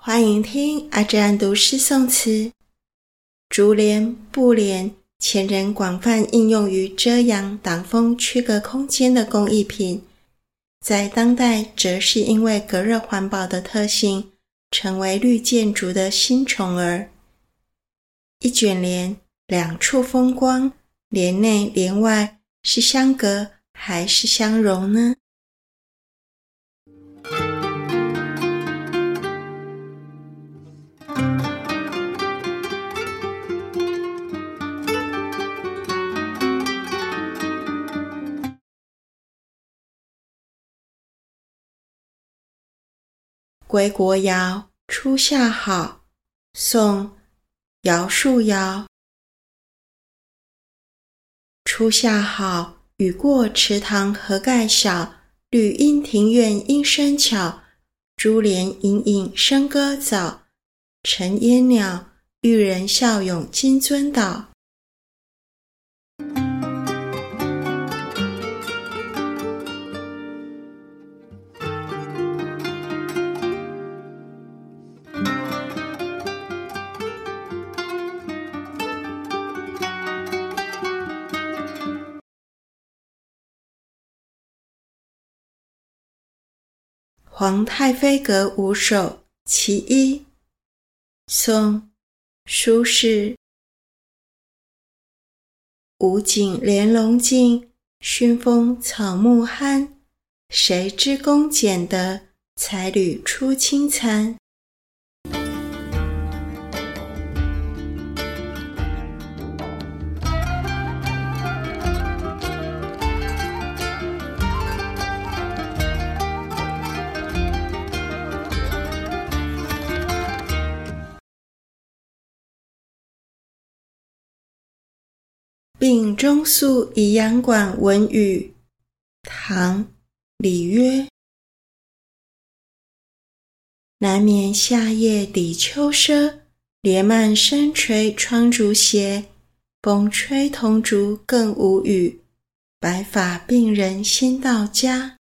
歡迎聽阿安讀詩宋詞。竹簾、布簾，前人廣泛應用於遮陽、擋風、區隔空間的工藝品，在當代，則是因為隔熱、環保的特性，成為綠建築的新寵兒。一卷簾，兩處風光，簾內簾外，是相隔還是相融呢？歸國謠，初夏好。宋，姚述堯。初夏好，雨過池塘荷蓋小，綠陰庭院鶯聲悄，朱簾隱隱笙歌早。沈煙裊，玉人笑擁金尊倒。《皇太妃閣五首》其一，宋，蘇軾。午景簾櫳靜，薰風草木酣。誰知恭儉德，彩縷出親蠶。病中宿宜陽館聞雨，唐·李約：難眠夏夜抵秋賒，簾幔深垂窗燭斜。風吹桐竹更無雨。白髮病人心到家。